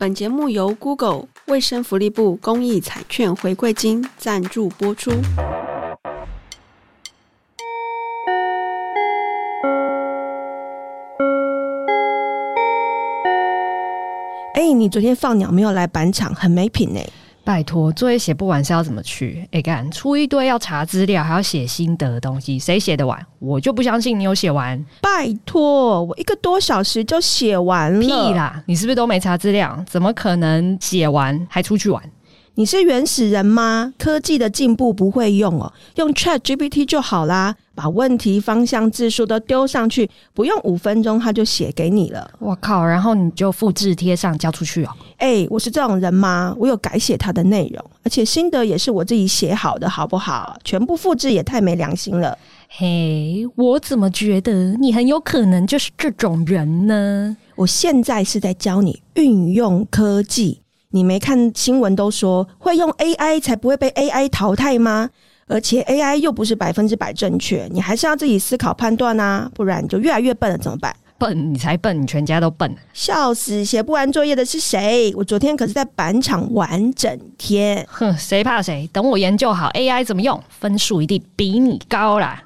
本節目由 Google 衛生福利部公益彩券回饋金贊助播出。哎，你昨天放鳥沒有來板場，很沒品呢！拜託，作業寫不完是要怎麼去？欸幹，出一堆要查資料，還要寫心得的東西，誰寫得完？我就不相信你有寫完。拜託，我一個多小時就寫完了，屁啦！你是不是都沒查資料？怎麼可能寫完還出去玩？你是原始人嗎？科技的進步不會用哦，用 ChatGPT 就好啦。把問題、方向、字數都丟上去，不用五分鐘他就寫給你了。我靠，然後你就複制貼上交出去哦。哎、欸，我是這種人嗎？我有改寫他的內容，而且心得也是我自己寫好的，好不好？全部複制也太沒良心了。嘿，我怎麼覺得你很有可能就是這種人呢？我現在是在教你運用科技。你沒看新聞都說會用 AI 才不會被 AI 淘汰嗎？而且 AI 又不是百分之百正確，你還是要自己思考判斷啊。不然你就越來越笨了，怎麼辦？笨，你才笨，你全家都笨，笑死！寫不完作業的是誰？我昨天可是在板場玩整天。哼，誰怕誰？等我研究好 AI 怎麼用，分數一定比你高啦。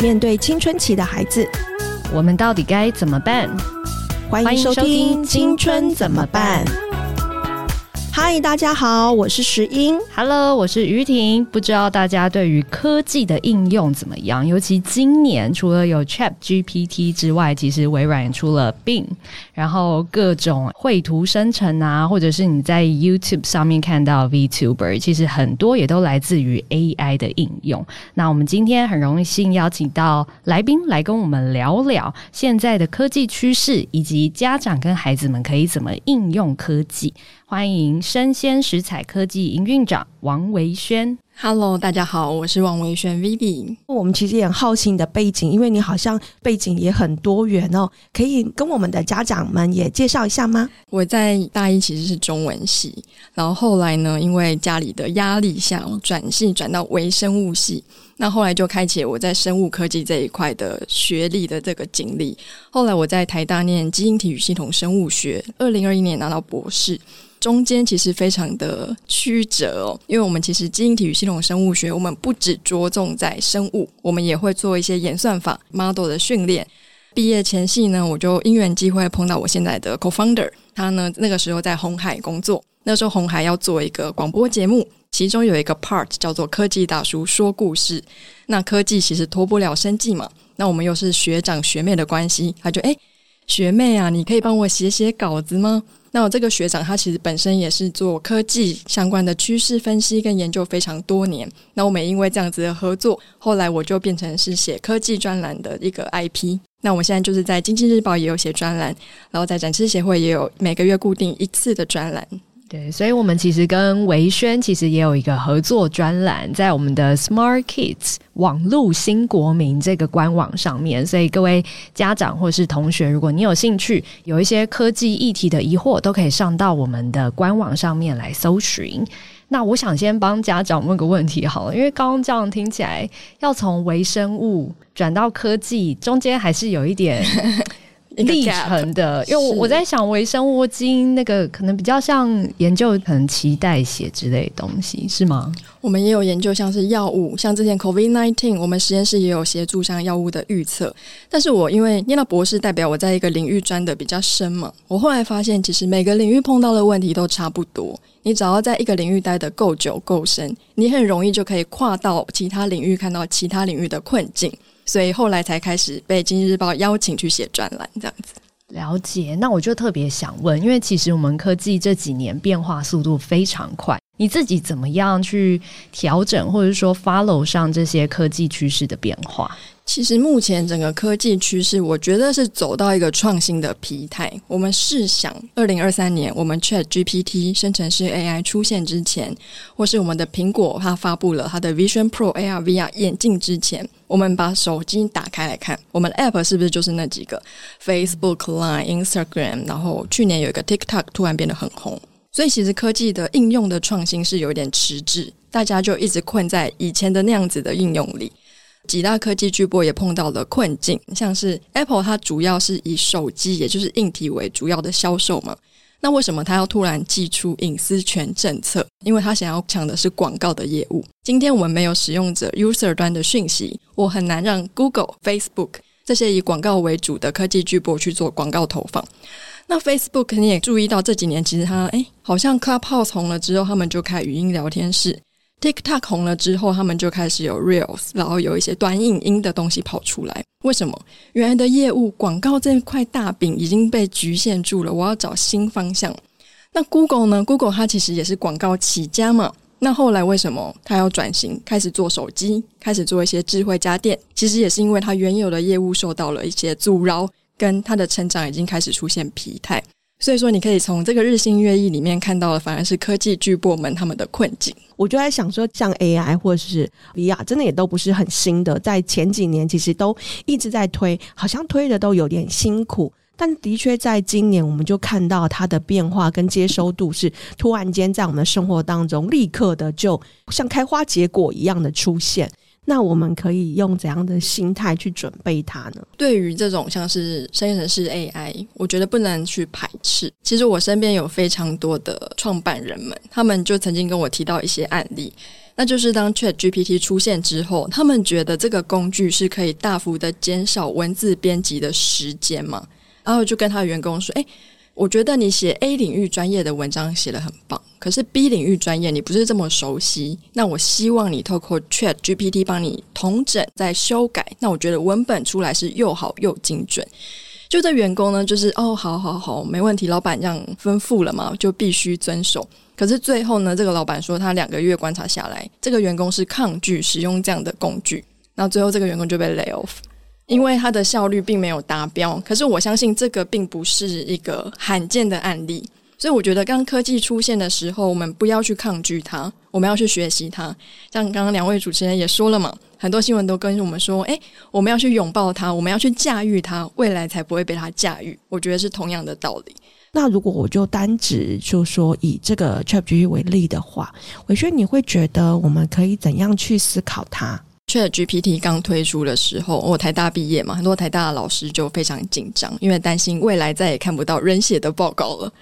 面對青春期的孩子。我們到底該怎麼辦？歡迎收聽《青春怎麼辦》麼辦。嗨，Hi, 大家好，我是石英。Hello，我是於婷。不知道大家對於科技的應用怎麼樣？尤其今年，除了有 ChatGPT 之外，其實微軟也出了 Bing，然後各種繪圖生成啊，或者是你在 YouTube 上面看到 VTuber，其實很多也都來自於 AI 的應用。那我們今天很榮幸邀請到來賓來跟我們聊聊現在的科技趨勢，以及家長跟孩子們可以怎麼應用科技。歡迎聲鮮時采科技營運長王薇瑄。Hello，大家好，我是王薇瑄 Vivi。我們其實也很好奇你的背景，因為你好像背景也很多元哦，可以跟我們的家長們也介紹一下嗎？我在大一其實是中文系，然後後來呢，因為家裡的壓力下轉系轉到微生物系，那後來就開啟我在生物科技這一塊的學歷的這個經歷。後來我在台大念基因體與系統生物學，二零二一年拿到博士，中間其實非常的曲折哦，因為我們其實基因體與系統這種生物學，我們不只着重在生物，我們也會做一些演算法 model 的訓練。畢業前夕呢，我就因緣際會碰到我現在的 co-founder，他呢那個時候在鴻海工作，那時候鴻海要做一個廣播節目，其中有一個 part 叫做“科技大叔說故事”。那科技其實脫不了生技嘛，那我們又是學長學妹的關係，他就哎、欸，學妹啊，你可以幫我寫寫稿子嗎？那我這個學長，他其實本身也是做科技相關的趨勢分析跟研究非常多年。那我們也因為這樣子的合作，後來我就變成是寫科技專欄的一個 IP。那我現在就是在《經濟日報》也有寫專欄，然後在展翅協會也有每個月固定一次的專欄。對，所以我們其實跟薇瑄其實也有一個合作專欄，在我們的 Smart Kids 網路新國民這個官網上面。所以各位家長或是同學，如果你有興趣，有一些科技議題的疑惑，都可以上到我們的官網上面來搜尋。那我想先幫家長問個問題好了，因為剛剛這樣聽起來，要從微生物轉到科技，中間還是有一點。 歷程的，因為我我在想微生物基因那個可能比較像研究，可能臍帶血之類的東西是嗎？我們也有研究像是藥物，像之前 COVID nineteen，我們實驗室也有協助像藥物的預測。但是我因為念到博士，代表我在一個領域鑽得比較深嘛。我後來發現，其實每個領域碰到的問題都差不多。你只要在一個領域待得夠久夠深，你很容易就可以跨到其他領域，看到其他領域的困境。所以後來才開始被《經濟日報》邀請去寫專欄，這樣子。了解，那我就特別想問，因為其實我們科技這幾年變化速度非常快。你自己怎麼樣去調整，或者說 follow 上這些科技趨勢的變化？其實目前整個科技趨勢，我覺得是走到一個創新的疲態。我們試想，二零二三年我們 ChatGPT 生成式 AI 出現之前，或是我們的蘋果它發布了它的 Vision Pro AR VR 眼鏡之前，我們把手機打開來看，我們的 App 是不是就是那幾個 Facebook、Line、Instagram？然後去年有一個 TikTok 突然變得很紅。所以，其實科技的應用的創新是有點遲滯，大家就一直困在以前的那樣子的應用裡。幾大科技巨擘也碰到了困境，像是 Apple，它主要是以手機，也就是硬體為主要的銷售嘛。那為什麼它要突然祭出隱私權政策？因為它想要搶的是廣告的業務。今天我們沒有使用者 user 端的訊息，我很難讓 Google、Facebook 這些以廣告為主的科技巨擘去做廣告投放。那 Facebook 你也注意到這幾年，其實它誒好像 Clubhouse 紅了之後，他們就開語音聊天室；TikTok 紅了之後，他們就開始有 Reels，然後有一些短影音的東西跑出來。為什麼？原來的業務廣告這塊大餅已經被局限住了，我要找新方向。那 Google 呢？Google 它其實也是廣告起家嘛。那後來為什麼它要轉型，開始做手機，開始做一些智慧家電？其實也是因為它原有的業務受到了一些阻撓。跟他的成長已經開始出現疲態，所以說你可以從這個日新月異裡面看到的，反而是科技巨擘們他們的困境。我就在想說，像 AI 或者是 VR，真的也都不是很新的，在前幾年其實都一直在推，好像推的都有點辛苦，但的確在今年我們就看到它的變化跟接收度是突然間在我們的生活當中立刻的，就像開花結果一樣的出現。那我們可以用怎樣的心態去準備它呢？對於這種像是生成式 AI，我覺得不能去排斥。其實我身邊有非常多的創辦人們，他們就曾經跟我提到一些案例，那就是當 ChatGPT 出現之後，他們覺得這個工具是可以大幅的減少文字編輯的時間嘛，然後就跟他的員工說：“誒。我覺得你寫 A 領域專業的文章寫得很棒，可是 B 領域專業你不是這麼熟悉，那我希望你透過 ChatGPT 幫你統整再修改，那我覺得文本出來是又好又精準。就這員工呢，就是哦，好好好，沒問題，老闆這樣吩咐了嘛，就必須遵守。可是最後呢，這個老闆說他兩個月觀察下來，這個員工是抗拒使用這樣的工具，那最後這個員工就被 lay off。因為它的效率並沒有達標，可是我相信這個並不是一個罕見的案例，所以我覺得剛科技出現的時候，我們不要去抗拒它，我們要去學習它。像剛剛兩位主持人也說了嘛，很多新聞都跟我們說，誒，我們要去擁抱它，我們要去駕馭它，未來才不會被它駕馭。我覺得是同樣的道理。那如果我就單指就說以這個 ChatGPT 為例的話，薇瑄，你會覺得我們可以怎樣去思考它？ChatGPT 剛推出的時候，我台大畢業嘛，很多台大的老師就非常緊張，因為擔心未來再也看不到人寫的報告了。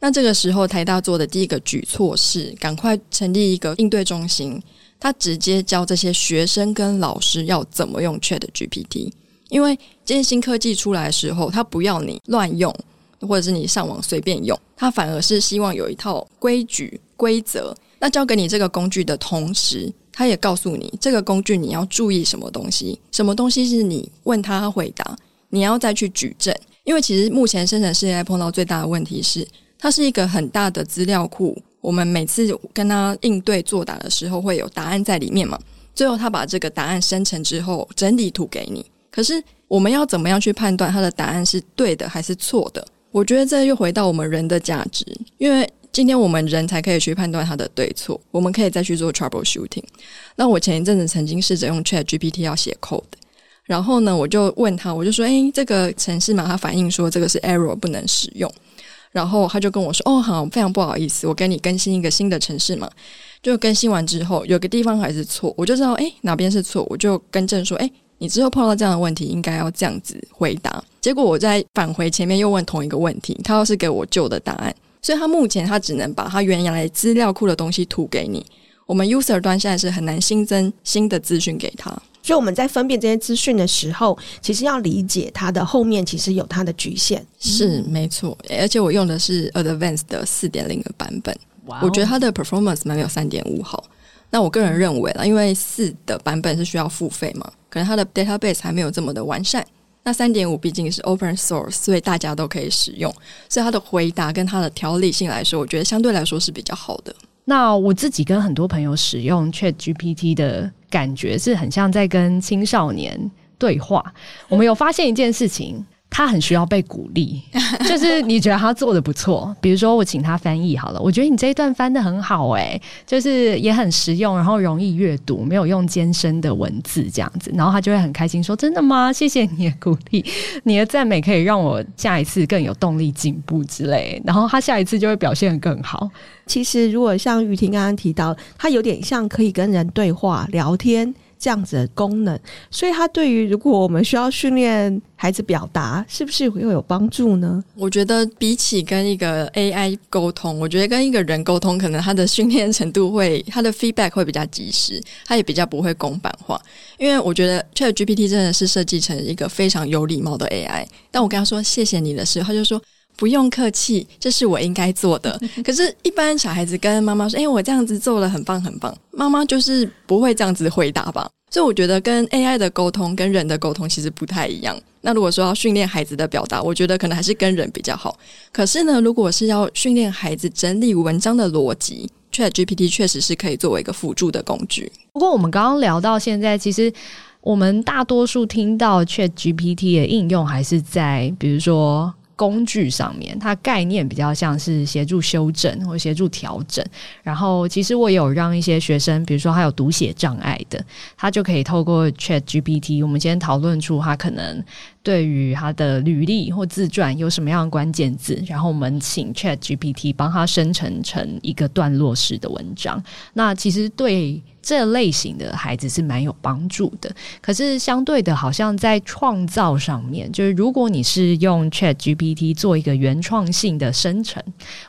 那這個時候，台大做的第一個舉措是趕快成立一個應對中心。他直接教這些學生跟老師要怎麼用 ChatGPT，因為這些新科技出來的時候，他不要你亂用，或者是你上網隨便用，他反而是希望有一套規矩規則。那交給你這個工具的同時，他也告訴你這個工具你要注意什麼東西，什麼東西是你問他回答，你要再去舉證。因為其實目前生成式 AI 碰到最大的問題是，它是一個很大的資料庫，我們每次跟他應對作答的時候會有答案在裡面嘛？最後他把這個答案生成之後，整理圖給你。可是我們要怎麼樣去判斷他的答案是對的還是錯的？我覺得這又回到我們人的價值，因為。今天我們人才可以去判斷它的對錯，我們可以再去做 troubleshooting。那我前一陣子曾經試着用 ChatGPT 要寫 code，然後呢，我就問他，我就說：“誒、欸，這個程式嘛，他反映說這個是 error，不能使用。”然後他就跟我說：“哦，好，非常不好意思，我跟你更新一個新的程式嘛。”就更新完之後，有個地方還是錯，我就知道誒、欸，哪邊是錯，我就更正說：“誒、欸，你之後碰到這樣的問題，應該要這樣子回答。”結果我再返回前面又問同一個問題，他要是給我舊的答案。所以他目前他只能把它原來資料庫的東西吐給你。我們 user 端現在是很難新增新的資訊給他，所以我們在分辨這些資訊的時候，其實要理解它的後面其實有它的局限。是、嗯、沒錯，而且我用的是 Advanced 的四點零的版本。Wow 我覺得它的 performance 沒有三點五好。那我個人認為啦，因為四的版本是需要付費嘛，可能它的 database 還沒有這麼的完善。那三點五畢竟是 open source，所以大家都可以使用，所以它的回答跟它的條理性來說，我覺得相對來說是比較好的。那我自己跟很多朋友使用 ChatGPT 的感覺是很像在跟青少年對話。嗯、我們有發現一件事情。他很需要被鼓勵，就是你覺得他做的不錯，比如說我請他翻譯好了，我覺得你這一段翻得很好欸，就是也很實用，然後容易閱讀，沒有用艱深的文字這樣子，然後他就會很開心說：“真的嗎？謝謝你的鼓勵，你的讚美可以讓我下一次更有動力進步之類。”然後他下一次就會表現得更好。其實，如果像雨婷剛剛提到，他有點像可以跟人對話聊天。這樣子的功能，所以他對於如果我們需要訓練孩子表達，是不是會有幫助呢？我覺得比起跟一個 AI 溝通，我覺得跟一個人溝通，可能他的訓練程度會，他的 feedback 會比較及時，他也比較不會公版化。因為我覺得 ChatGPT 真的是設計成一個非常有禮貌的 AI。但我跟他說謝謝你的時候，他就說。不用客氣，這是我應該做的。 可是，一般小孩子跟媽媽說：“哎、欸，我這樣子做了，很棒，很棒。”媽媽就是不會這樣子回答吧？所以，我覺得跟 AI 的溝通跟人的溝通其實不太一樣。那如果說要訓練孩子的表達，我覺得可能還是跟人比較好。可是呢，如果是要訓練孩子整理文章的邏輯，ChatGPT 確實是可以作為一個輔助的工具。不過，我們剛剛聊到現在，其實我們大多數聽到 ChatGPT 的應用還是在，比如說。工具上面，它概念比較像是協助修正或協助調整。然後，其實我也有讓一些學生，比如說他有讀寫障礙的，他就可以透過 Chat GPT，我們今天討論出他可能。對於他的履歷或自傳有什麼樣的關鍵字？然後我們請 ChatGPT 幫他生成成一個段落式的文章。那其實對這類型的孩子是蠻有幫助的。可是相對的，好像在創造上面，就是如果你是用 ChatGPT 做一個原創性的生成，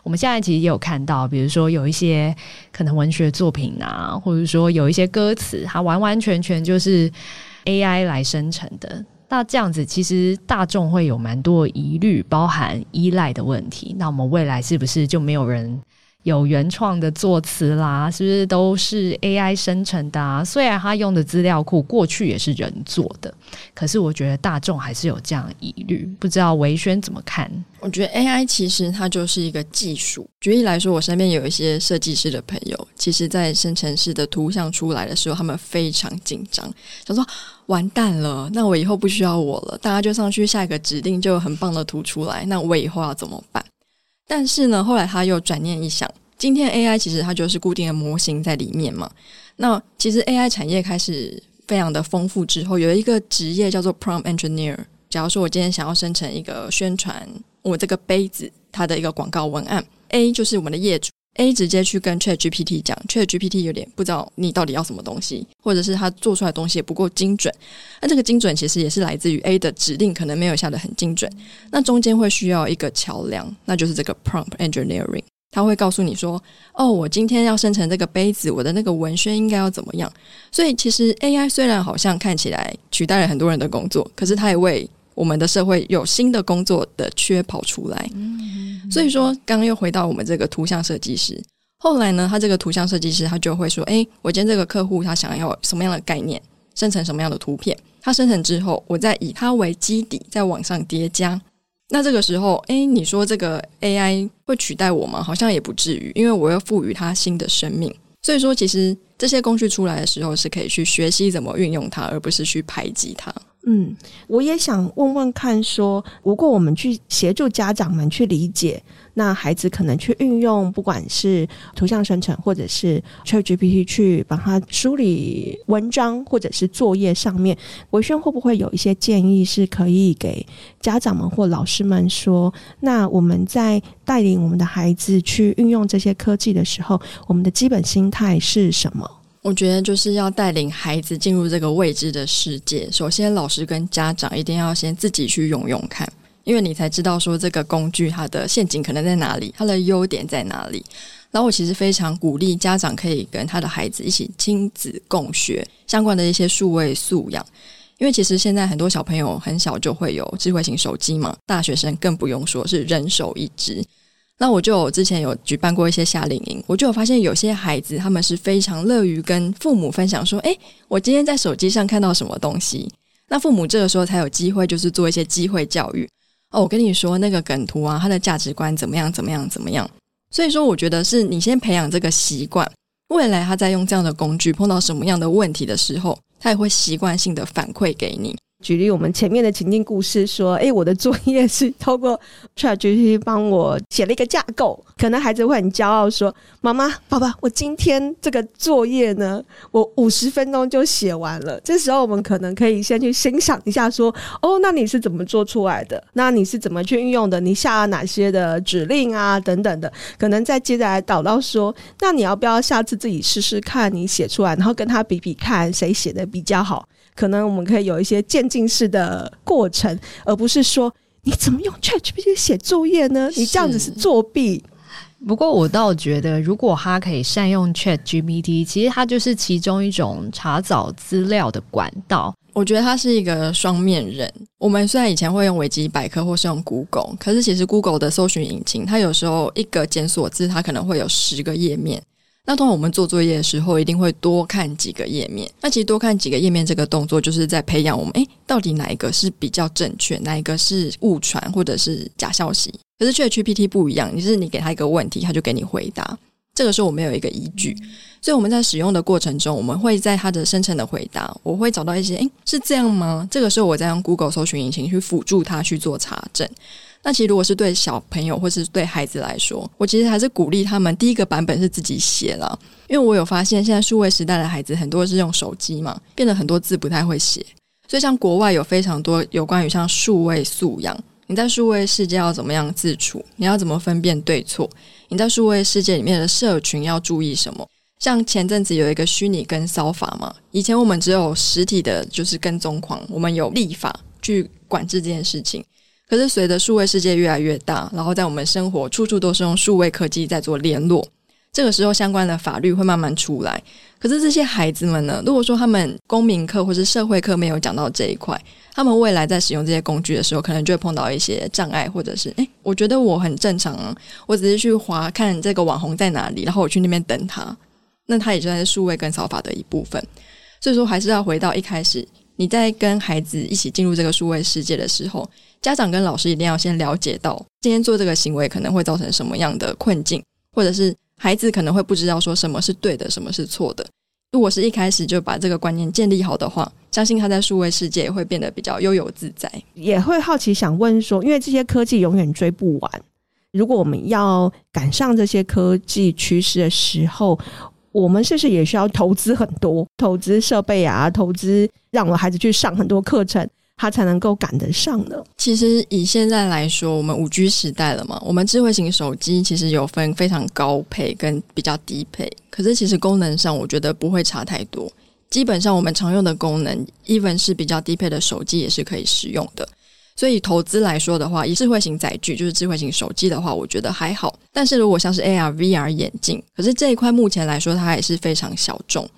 我們現在其實也有看到，比如說有一些可能文學作品啊，或者說有一些歌詞，它完完全全就是 AI 來生成的。那這樣子，其實大眾會有蠻多疑慮，包含依賴的問題。那我們未來是不是就沒有人有原創的作詞啦？是不是都是 AI 生成的啊？雖然他用的資料庫過去也是人做的，可是我覺得大眾還是有這樣疑慮。不知道薇瑄怎麼看？我覺得 AI 其實它就是一個技術。舉例來說，我身邊有一些設計師的朋友，其實在生成式的圖像出來的時候，他們非常緊張，他說。完蛋了，那我以後不需要我了，大家就上去下一個指令，就很棒的圖出來。那我以後要怎麼辦？但是呢，後來他又轉念一想，今天 AI 其實它就是固定的模型在裡面嘛。那其實 AI 產業開始非常的豐富之後，有一個職業叫做 Prompt Engineer。假如說我今天想要生成一個宣傳我這個杯子它的一個廣告文案，A 就是我們的業主。A 直接去跟 ChatGPT 講，ChatGPT 有點不知道你到底要什麼東西，或者是它做出來的東西也不夠精準。那、啊、這個精準其實也是來自於 A 的指令，可能沒有下得很精準。那中間會需要一個橋梁，那就是這個 prompt engineering，它會告訴你說：“哦，我今天要生成這個杯子，我的那個文宣應該要怎麼樣？”所以其實 AI 雖然好像看起來取代了很多人的工作，可是它也為我們的社會有新的工作的缺跑出來，所以說剛剛又回到我們這個圖像設計師。後來呢，他這個圖像設計師他就會說：“哎，我今天這個客戶他想要什麼樣的概念，生成什麼樣的圖片？他生成之後，我再以它為基底，再往上疊加。那這個時候，哎，你說這個 AI 會取代我嗎？好像也不至於，因為我又賦予它新的生命。所以說，其實這些工具出來的時候，是可以去學習怎麼運用它，而不是去排擠它。”嗯，我也想問問看說，說如果我們去協助家長們去理解，那孩子可能去運用，不管是圖像生成或者是 ChatGPT，去幫他梳理文章或者是作業上面，薇瑄會不會有一些建議，是可以給家長們或老師們說？那我們在帶領我們的孩子去運用這些科技的時候，我們的基本心態是什麼？我覺得就是要帶領孩子進入這個未知的世界。首先，老師跟家長一定要先自己去用用看，因為你才知道說這個工具它的陷阱，可能在哪裡，它的優點在哪裡。然後，我其實非常鼓勵家長可以跟他的孩子一起親子共學相關的一些數位素養，因為其實現在很多小朋友很小就會有智慧型手機嘛，大學生更不用說，是人手一支。那我就有我之前有舉辦過一些夏令營，我就有發現有些孩子他們是非常樂於跟父母分享說，誒、欸，我今天在手機上看到什麼東西。那父母這個時候才有機會就是做一些機會教育。哦，我跟你說那個梗圖啊，他的價值觀怎麼樣怎麼樣怎麼樣。所以說，我覺得是你先培養這個習慣，未來他在用這樣的工具碰到什麼樣的問題的時候，他也會習慣性的反饋給你。舉例，我們前面的情境故事說，誒，我的作業是透過 ChatGPT 幫我寫了一個架構，可能孩子會很驕傲說：“媽媽，爸爸，我今天這個作業呢，我五十分鐘就寫完了。”這時候，我們可能可以先去欣賞一下，說：“哦，那你是怎麼做出來的？那你是怎麼去運用的？你下了哪些的指令啊？等等的，可能再接着來導到說，那你要不要下次自己試試看？你寫出來，然後跟他比比看誰寫的比較好。”可能我們可以有一些漸進式的過程，而不是說你怎麼用 ChatGPT 寫作業呢？你這樣子是作弊？是。不過我倒覺得，如果他可以善用 ChatGPT，其實它就是其中一種查找資料的管道。我覺得他是一個雙面人。我們雖然以前會用維基百科或是用 Google，可是其實 Google 的搜尋引擎，它有時候一個檢索字，它可能會有十個頁面。那通常我們做作業的時候，一定會多看幾個頁面。那其實多看幾個頁面這個動作，就是在培養我們，誒，到底哪一個是比較正確，哪一個是誤傳或者是假消息？可是 ChatGPT 不一樣，你是你給他一個問題，他就給你回答，這個時候我沒有一個依據，所以我們在使用的過程中，我們會在它的生成的回答，我會找到一些，誒，是這樣嗎？這個時候我在用 Google 搜尋引擎去輔助他去做查證。那其實，如果是對小朋友或是對孩子來說，我其實還是鼓勵他們第一個版本是自己寫了，因為我有發現，現在數位時代的孩子很多是用手機嘛，變得很多字不太會寫。所以，像國外有非常多有關於像數位素養，你在數位世界要怎麼樣自處，你要怎麼分辨對錯，你在數位世界裡面的社群要注意什麼？像前陣子有一個虛擬跟騷法嘛，以前我們只有實體的，就是跟蹤狂，我們有立法去管制這件事情。可是，隨着數位世界越來越大，然後在我們生活處處都是用數位科技在做聯絡，這個時候相關的法律會慢慢出來。可是，這些孩子們呢？如果說他們公民課或是社會課沒有講到這一塊，他們未來在使用這些工具的時候，可能就會碰到一些障礙，或者是，誒，我覺得我很正常啊，我只是去滑看這個網紅在哪裡，然後我去那邊等他，那他也是在數位跟騷法的一部分。所以說，還是要回到一開始，你在跟孩子一起進入這個數位世界的時候。家長跟老師一定要先了解到，今天做這個行為可能會造成什麼樣的困境，或者是孩子可能會不知道說什麼是對的，什麼是錯的。如果是一開始就把這個觀念建立好的話，相信他在數位世界也會變得比較悠遊自在。也會好奇想問說，因為這些科技永遠追不完，如果我們要趕上這些科技趨勢的時候，我們是不是也需要投資很多？投資設備啊，投資讓我孩子去上很多課程。它才能夠趕得上呢？其實以現在來說，我們 5G 時代了嘛，我們智慧型手機其實有分非常高配跟比較低配，可是其實功能上我覺得不會差太多。基本上我們常用的功能，even 是比較低配的手機也是可以使用的。所以投資來說的話，以智慧型載具就是智慧型手機的話，我覺得還好。但是如果像是 AR、VR 眼鏡，可是這一塊目前來說它也是非常小眾。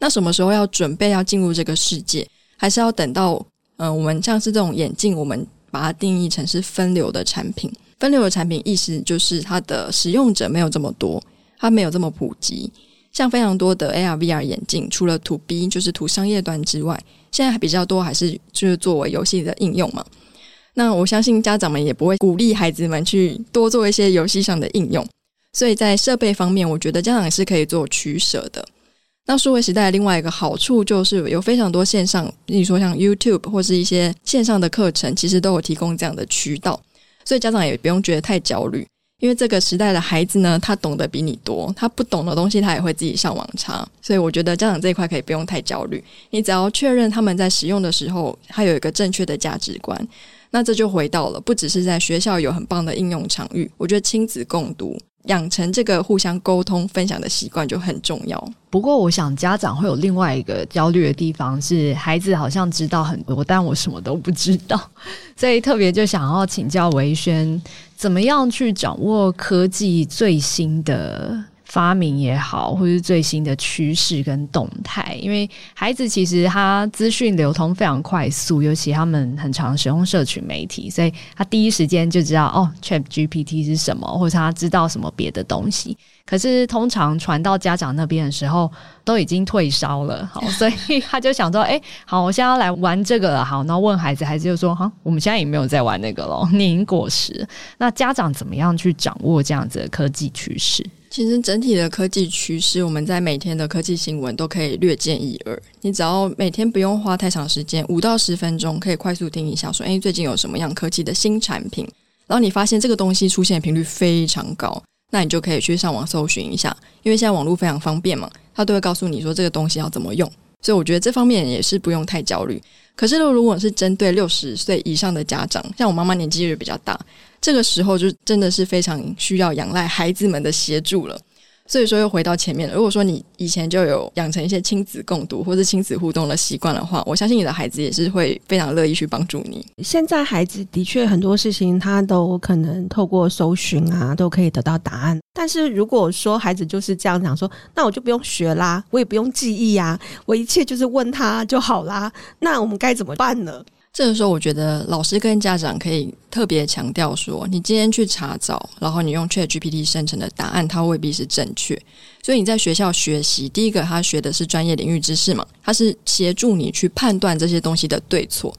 那什麼時候要準備要進入這個世界，還是要等到？嗯、呃，我們像是這種眼鏡，我們把它定義成是分流的產品。分流的產品意思就是它的使用者沒有這麼多，它沒有這麼普及。像非常多的 AR VR 眼鏡，除了 To B 就是 To 商業端之外，現在還比較多還是就是作為遊戲的應用嘛。那我相信家長們也不會鼓勵孩子們去多做一些遊戲上的應用，所以在設備方面，我覺得家長也是可以做取捨的。那數位時代的另外一個好處就是有非常多線上，比如說像 YouTube 或是一些線上的課程，其實都有提供這樣的渠道，所以家長也不用覺得太焦慮，因為這個時代的孩子呢，他懂得比你多，他不懂的東西他也會自己上網查，所以我覺得家長這一塊可以不用太焦慮，你只要確認他們在使用的時候，他有一個正確的價值觀，那這就回到了不只是在學校有很棒的應用場域，我覺得親子共讀。養成這個互相溝通、分享的習慣就很重要。不過，我想家長會有另外一個焦慮的地方是，孩子好像知道很多，但我什麼都不知道。所以，特別就想要請教薇瑄，怎麼樣去掌握科技最新的發明也好，或是最新的趨勢跟動態，因為孩子其實他資訊流通非常快速，尤其他們很常使用社群媒體，所以他第一時間就知道哦，ChatGPT 是什麼，或是他知道什麼別的東西。可是通常傳到家長那邊的時候，都已經退燒了，好，所以他就想說，哎、欸，好，我現在要來玩這個了，好，那問孩子，孩子就說，好，我們現在也沒有在玩那個咯你了，你已經過時了。那家長怎麼樣去掌握這樣子的科技趨勢？其實整體的科技趨勢，我們在每天的科技新聞都可以略見一二。你只要每天不用花太長時間，五到十分鐘，可以快速聽一下說，說哎，最近有什麼樣科技的新產品？然後你發現這個東西出現的頻率非常高，那你就可以去上網搜尋一下，因為現在網絡非常方便嘛，它都會告訴你說這個東西要怎麼用。所以我覺得這方面也是不用太焦慮。可是，如果是針對六十歲以上的家長，像我媽媽年紀就比較大。這個時候就真的是非常需要仰賴孩子們的協助了，所以說又回到前面了。如果說你以前就有養成一些親子共讀或者親子互動的習慣的話，我相信你的孩子也是會非常樂意去幫助你。現在孩子的確很多事情他都可能透過搜尋啊都可以得到答案，但是如果說孩子就是這樣講說，那我就不用學啦，我也不用記憶呀、啊，我一切就是問他就好啦，那我們該怎麼辦呢？這個時候，我覺得老師跟家長可以特別強調說：你今天去查找，然後你用 ChatGPT 生成的答案，它未必是正確。所以你在學校學習，第一個，他學的是專業領域知識嘛，他是協助你去判斷這些東西的對錯。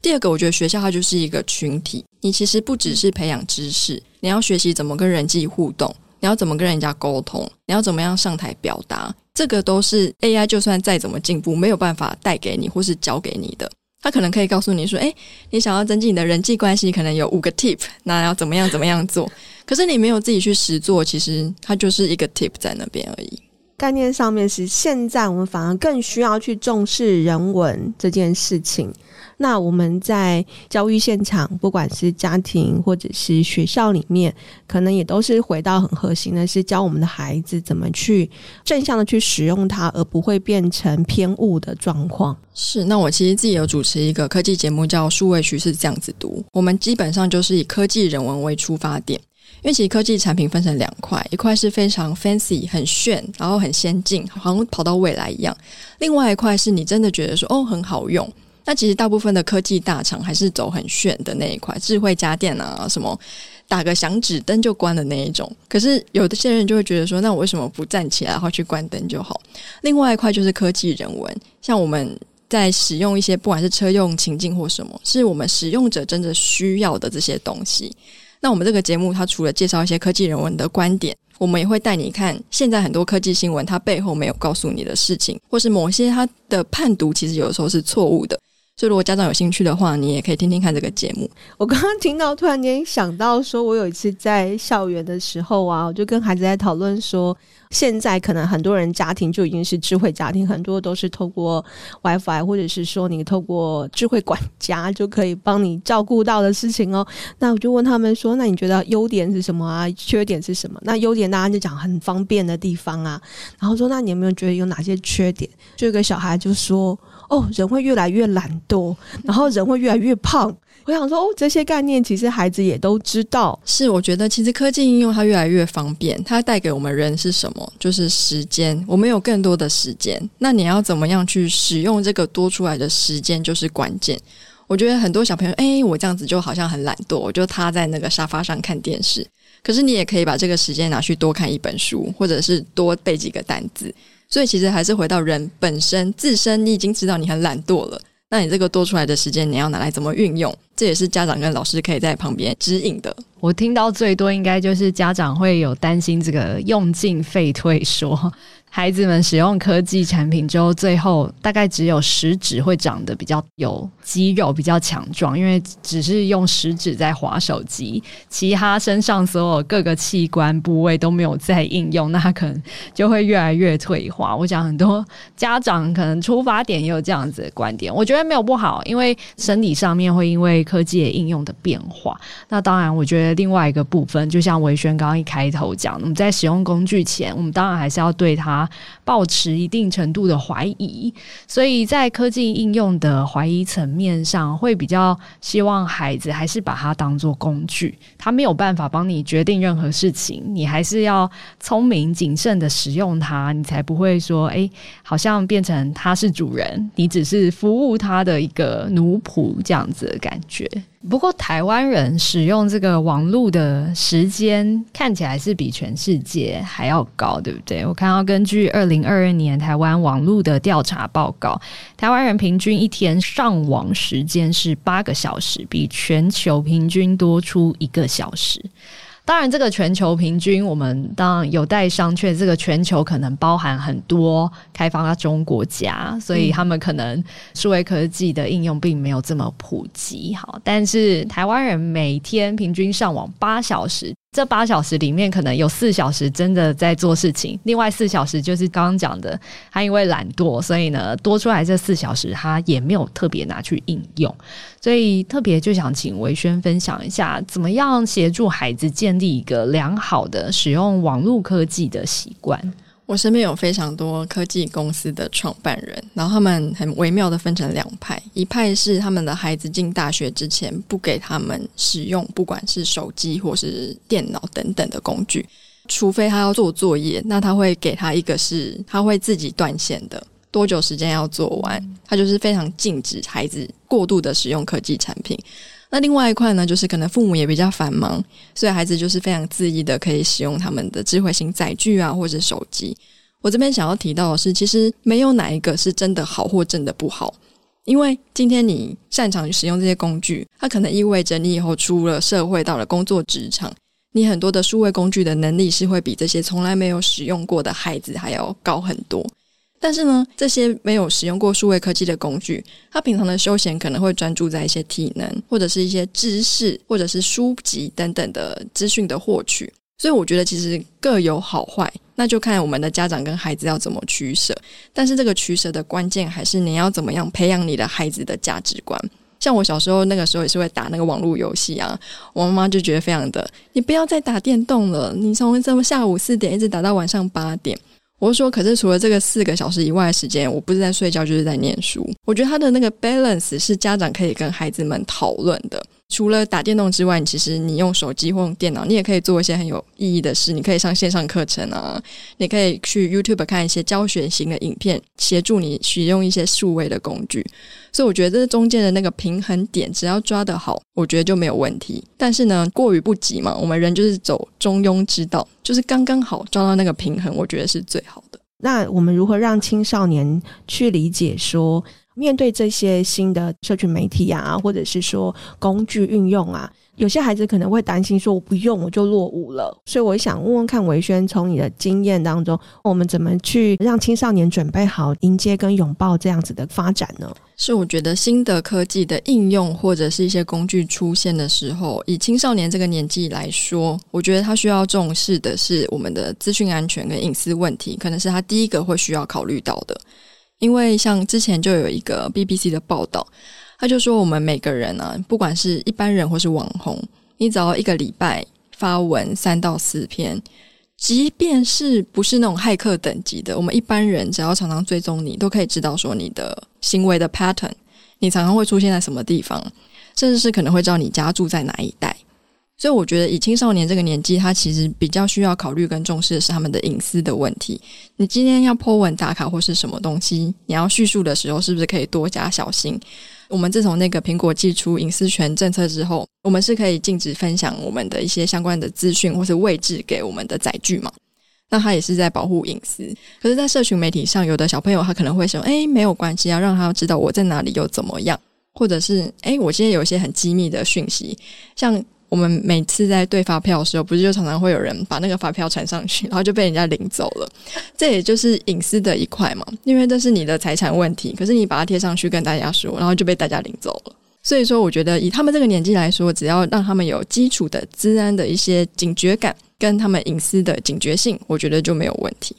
第二個，我覺得學校它就是一個群體，你其實不只是培養知識，你要學習怎麼跟人際互動，你要怎麼跟人家溝通，你要怎麼樣上台表達，這個都是 AI 就算再怎麼進步，沒有辦法帶給你或是教給你的。他可能可以告訴你說：“哎、欸，你想要增進你的人際關係，可能有五個 tip，那要怎麼樣怎麼樣做？ 可是你沒有自己去實做，其實它就是一個 tip 在那邊而已。概念上面是，現在我們反而更需要去重視人文這件事情。”那我們在教育現場，不管是家庭或者是學校裡面，可能也都是回到很核心的，是教我們的孩子怎麼去正向的去使用它，而不會變成偏誤的狀況。是。那我其實自己有主持一個科技節目叫，叫《數位趨勢這樣子讀》，我們基本上就是以科技人文為出發點，因為其實科技產品分成兩塊，一塊是非常 fancy 很炫，然後很先進，好像跑到未來一樣。另外一塊是你真的覺得說，哦，很好用。那其實大部分的科技大廠還是走很炫的那一塊，智慧家電啊，什麼打個響指燈就關的那一種。可是有的些人就會覺得說，那我為什麼不站起來然後去關燈就好？另外一塊就是科技人文，像我們在使用一些不管是車用情境或什麼，是我們使用者真的需要的這些東西。那我們這個節目它除了介紹一些科技人文的觀點，我們也會帶你看現在很多科技新聞它背後沒有告訴你的事情，或是某些它的判讀其實有的時候是錯誤的。所以如果家長有興趣的話，你也可以聽聽看這個節目。我剛剛聽到，突然間想到，說我有一次在校園的時候啊，我就跟孩子在討論說，現在可能很多人家庭就已經是智慧家庭，很多都是透過 WiFi，或者是說你透過智慧管家就可以幫你照顧到的事情哦。那我就問他們說，那你覺得優點是什麼啊？缺點是什麼？那優點大家就講很方便的地方啊，然後說，那你有沒有覺得有哪些缺點？就有個小孩就說。哦，人會越來越懶惰，然後人會越來越胖。我想說，哦，這些概念其實孩子也都知道。是，我覺得其實科技應用它越來越方便，它帶給我們人是什麼？就是時間，我們有更多的時間。那你要怎麼樣去使用這個多出來的時間，就是關鍵。我覺得很多小朋友，誒、哎，我這樣子就好像很懶惰，我就趴在那個沙發上看電視。可是你也可以把這個時間拿去多看一本書，或者是多背幾個單詞。所以其實還是回到人本身自身，你已經知道你很懶惰了，那你這個多出來的時間你要拿來怎麼運用？這也是家長跟老師可以在旁邊指引的。我聽到最多應該就是家長會有擔心這個用進廢退說。孩子們使用科技產品之後，最後大概只有食指會長得比較有肌肉、比較強壯，因為只是用食指在滑手機，其他身上所有各個器官部位都沒有在應用，那他可能就會越來越退化。我想很多家長可能出發點也有這樣子的觀點，我覺得沒有不好，因為身體上面會因為科技的應用的變化。那當然，我覺得另外一個部分，就像薇瑄剛剛一開頭講，我們在使用工具前，我們當然還是要對它，保持一定程度的懷疑，所以在科技應用的懷疑層面上，會比較希望孩子還是把它當做工具。他沒有辦法幫你決定任何事情，你還是要聰明謹慎地使用它，你才不會說，哎、欸，好像變成他是主人，你只是服務他的一個奴僕這樣子的感覺。不過，台灣人使用這個網絡的時間看起來是比全世界還要高，對不對？我看到根據二零二二年台灣網絡的調查報告，台灣人平均一天上網時間是八個小時，比全球平均多出一個小時。當然，這個全球平均我們當然有待商榷。這個全球可能包含很多開發中國家，所以他們可能數位科技的應用並沒有這麼普及。好，但是台灣人每天平均上網八小時。這八小時裡面，可能有四小時真的在做事情，另外四小時就是剛剛講的，他因為懶惰，所以呢多出來這四小時他也沒有特別拿去應用，所以特別就想請薇瑄分享一下，怎麼樣協助孩子建立一個良好的使用網絡科技的習慣。我身邊有非常多科技公司的創辦人，然後他們很微妙的分成兩派，一派是他們的孩子進大學之前不給他們使用，不管是手機或是電腦等等的工具，除非他要做作業，那他會給他一個是他會自己斷線的，多久時間要做完，他就是非常禁止孩子過度的使用科技產品。那另外一塊呢，就是可能父母也比較繁忙，所以孩子就是非常恣意的可以使用他們的智慧型載具啊，或者手機。我這邊想要提到的是，其實沒有哪一個是真的好或真的不好，因為今天你擅長使用這些工具，它可能意味着你以後出了社會到了工作職場，你很多的數位工具的能力是會比這些從來沒有使用過的孩子還要高很多。但是呢，這些沒有使用過數位科技的工具，他平常的休閒可能會專注在一些體能，或者是一些知識，或者是書籍等等的資訊的獲取。所以我覺得其實各有好壞，那就看我們的家長跟孩子要怎麼取捨。但是這個取捨的關鍵還是你要怎麼樣培養你的孩子的價值觀。像我小時候那個時候也是會打那個網絡遊戲啊，我媽媽就覺得非常的，你不要再打電動了，你從這麼下午四點一直打到晚上八點。我說，可是除了這個四個小時以外的時間，我不是在睡覺就是在念書。我覺得他的那個 balance 是家長可以跟孩子們討論的。除了打電動之外，其實你用手機或用電腦，你也可以做一些很有意義的事。你可以上線上課程啊，你可以去 YouTube 看一些教學型的影片，協助你使用一些數位的工具。所以我覺得這是中間的那個平衡點，只要抓得好，我覺得就沒有問題。但是呢，過猶不及嘛，我們人就是走中庸之道，就是剛剛好抓到那個平衡，我覺得是最好的。那我們如何讓青少年去理解說，面對這些新的社群媒體啊，或者是說工具運用啊，有些孩子可能會擔心說我不用我就落伍了。所以，我想問問看薇瑄，從你的經驗當中，我們怎麼去讓青少年準備好迎接跟擁抱這樣子的發展呢？是，我覺得新的科技的應用或者是一些工具出現的時候，以青少年這個年紀來說，我覺得他需要重視的是我們的資訊安全跟隱私問題，可能是他第一個會需要考慮到的。因為像之前就有一個 BBC 的報道，他就說我們每個人呢，不管是一般人或是網紅，你只要一個禮拜發文三到四篇，即便是不是那種駭客等級的，我們一般人只要常常追蹤你，都可以知道說你的行為的 pattern，你常常會出現在什麼地方，甚至是可能會知道你家住在哪一帶。所以我覺得，以青少年這個年紀，他其實比較需要考慮跟重視的是他們的隱私的問題。你今天要 po 文打卡或是什麼東西，你要敘述的時候，是不是可以多加小心？我們自從那個蘋果寄出隱私權政策之後，我們是可以禁止分享我們的一些相關的資訊或是位置給我們的載具嘛？那他也是在保護隱私。可是，在社群媒體上，有的小朋友他可能會說：誒、哎，沒有關係、啊，要讓他知道我在哪裡又怎麼樣？或者是：誒、哎，我現在有一些很機密的訊息，像。我們每次在對發票的時候，不是就常常會有人把那個發票傳上去，然後就被人家領走了。這也就是隱私的一塊嘛，因為這是你的財產問題。可是你把它貼上去跟大家說，然後就被大家領走了。所以說，我覺得以他們這個年紀來說，只要讓他們有基礎的資安的一些警覺感，跟他們隱私的警覺性，我覺得就沒有問題。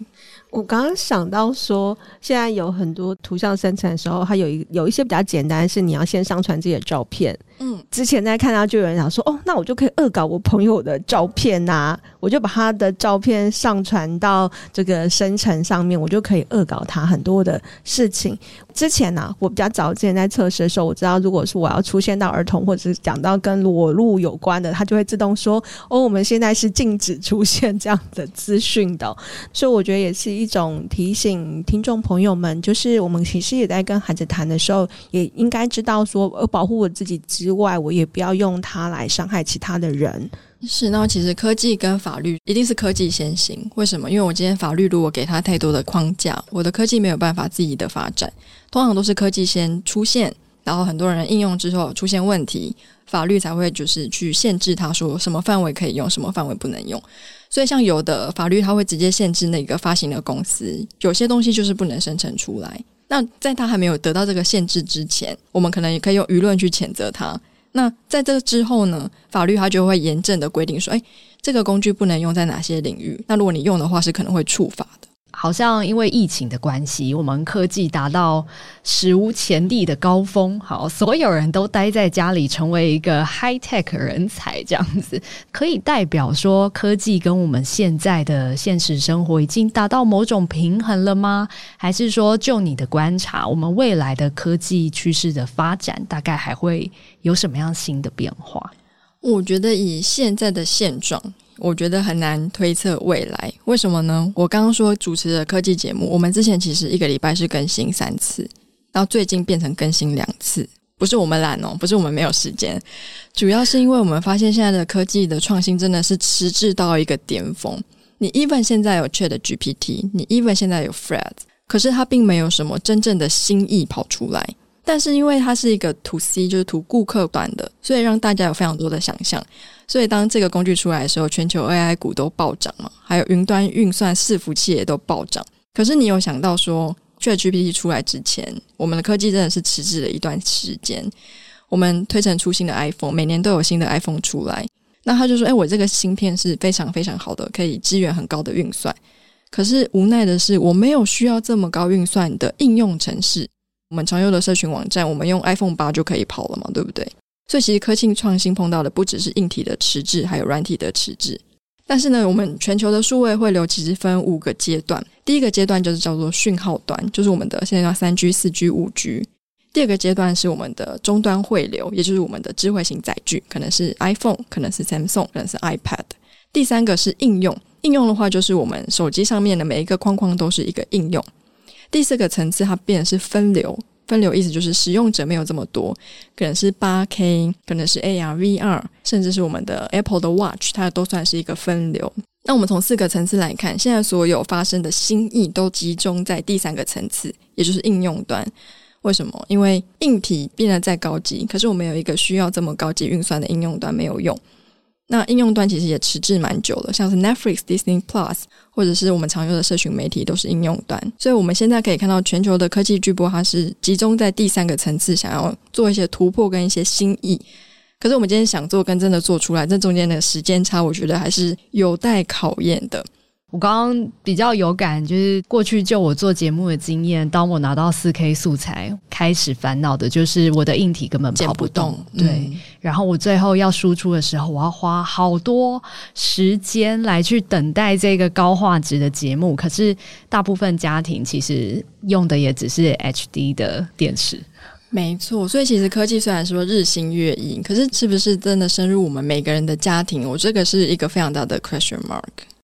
我剛剛想到說，現在有很多圖像生產的時候，它有一有一些比較簡單是你要先上傳自己的照片。嗯，之前在看到就有人想說，哦，那我就可以惡搞我朋友的照片吶、啊，我就把他的照片上傳到這個生成上面，我就可以惡搞他很多的事情。之前呢、啊，我比較早之前在測試的時候，我知道如果是我要出現到兒童或者是講到跟裸露有關的，他就會自動說，哦，我們現在是禁止出現這樣的資訊的，所以我覺得也是一種提醒聽眾朋友們，就是我們其實也在跟孩子談的時候，也應該知道說，我保護我自己。之外，我也不要用它來傷害其他的人。是，那其實科技跟法律一定是科技先行。為什麼？因為我今天法律如果給他太多的框架，我的科技沒有辦法自己的發展。通常都是科技先出現，然後很多人應用之後出現問題，法律才會就是去限制他說什麼範圍可以用，什麼範圍不能用。所以，像有的法律，它會直接限制那個發行的公司，有些東西就是不能生成出來。那在他還沒有得到這個限制之前，我們可能也可以用輿論去譴責他。那在這之後呢？法律他就會嚴正的規定說，哎、欸，這個工具不能用在哪些領域，那如果你用的話，是可能會觸法的。好像因為疫情的關係，我們科技達到史無前例的高峰。好，所有人都待在家裡，成為一個 high tech 人才，這樣子可以代表說科技跟我們現在的現實生活已經達到某種平衡了嗎？還是說，就你的觀察，我們未來的科技趨勢的發展，大概還會有什麼樣新的變化？我覺得以現在的現狀。我覺得很難推測未來，為什麼呢？我剛剛說主持的科技節目，我們之前其實一個禮拜是更新三次，然後最近變成更新兩次，不是我們懶哦，不是我們沒有時間，主要是因為我們發現現在的科技的創新真的是遲滯到一個巔峰。你 even 現在有 ChatGPT，你 even 現在有 Fred，可是它並沒有什麼真正的新意跑出來。但是因為它是一個 to C，就是 to 顧客端的，所以讓大家有非常多的想象。所以當這個工具出來的時候，全球 AI 股都暴漲嘛，還有雲端運算伺服器也都暴漲。可是你有想到說，ChatGPT 出來之前，我們的科技真的是遲滯了一段時間。我們推陳出新的 iPhone，每年都有新的 iPhone 出來。那他就說：“哎，我這個芯片是非常非常好的，可以支援很高的運算。可是無奈的是，我沒有需要這麼高運算的應用程式。”我們常用的社群網站，我們用 iPhone 八就可以跑了嘛，對不對？所以其實科技創新碰到的不只是硬體的遲滯，還有軟體的遲滯。但是呢，我們全球的數位匯流其實分五個階段。第一個階段就是叫做訊號端，就是我們的現在叫三 G、四 G、五 G。第二個階段是我們的終端匯流，也就是我們的智慧型載具，可能是 iPhone，可能是 Samsung，可能是 iPad。第三個是應用，應用的話就是我們手機上面的每一個框框都是一個應用。第四個層次，它變的是分流。分流意思就是使用者沒有這麼多，可能是八 K，可能是 AR、VR，甚至是我們的 Apple 的 Watch，它的都算是一個分流。那我們從四個層次來看，現在所有發生的新意都集中在第三個層次，也就是應用端。為什麼？因為硬體變得再高級，可是我們有一個需要這麼高級運算的應用端沒有用。那應用端其實也遲滯蠻久了，像是 Netflix、Disney Plus，或者是我們常用的社群媒體，都是應用端。所以我們現在可以看到，全球的科技巨擘，它是集中在第三個層次，想要做一些突破跟一些新意。可是我們今天想做，跟真的做出來，這中間的時間差，我覺得還是有待考驗的。我剛剛比較有感，就是過去就我做節目的經驗，當我拿到四 K 素材，開始煩惱的就是我的硬體根本跑不動，不動對。嗯，然後我最後要輸出的時候，我要花好多時間來去等待這個高畫質的節目。可是大部分家庭其實用的也只是 HD 的電視。沒錯，所以其實科技雖然說日新月異，可是是不是真的深入我們每個人的家庭？我這個是一個非常大的 question mark。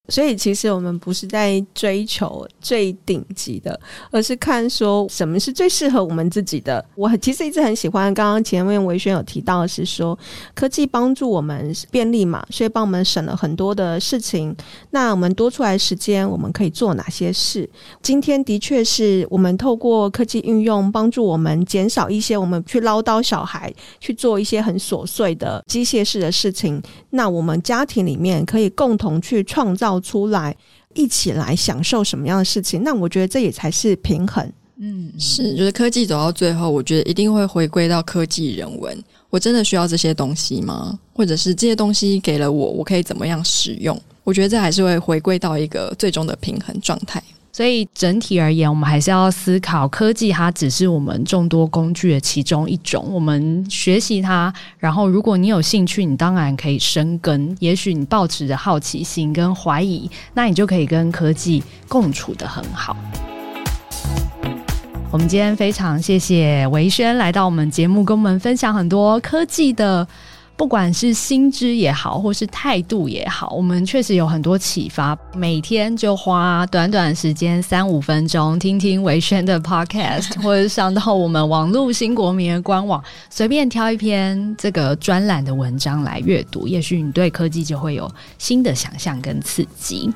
所以，其實我們不是在追求最頂級的，而是看說什麼是最適合我們自己的。我其實一直很喜歡，剛剛前面薇瑄有提到的是說，科技幫助我們便利嘛，所以幫我們省了很多的事情。那我們多出來時間，我們可以做哪些事？今天的確是我們透過科技運用，幫助我們減少一些我們去嘮叨小孩去做一些很瑣碎的機械式的事情。那我們家庭裡面可以共同去創造，出來，一起來享受什麼樣的事情？那我覺得這也才是平衡。嗯，是，就是科技走到最後，我覺得一定會回歸到科技人文。我真的需要這些東西嗎？或者是這些東西給了我，我可以怎麼樣使用？我覺得這還是會回歸到一個最終的平衡狀態。所以整體而言，我們還是要思考，科技它只是我們眾多工具的其中一種。我們學習它，然後如果你有興趣，你當然可以深耕。也許你抱持着好奇心跟懷疑，那你就可以跟科技共處得很好。嗯、我們今天非常謝謝薇瑄來到我們節目，跟我們分享很多科技的。不管是心智也好，或是態度也好，我們確實有很多啟發。每天就花短短時間三五分鐘，聽聽薇瑄的 podcast，或者上到我們網絡新國民的官網，隨便挑一篇這個專欄的文章來閱讀，也許你對科技就會有新的想象跟刺激。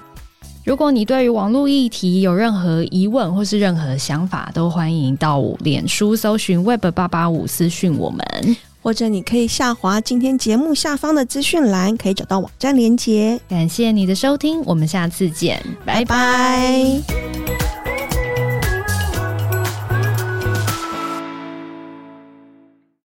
如果你對於網絡議題有任何疑問或是任何想法，都歡迎到我臉書搜尋 Web885，私訊我們。或者你可以下滑今天節目下方的資訊欄，可以找到網站連結。感謝你的收聽，我們下次見，拜拜。拜拜。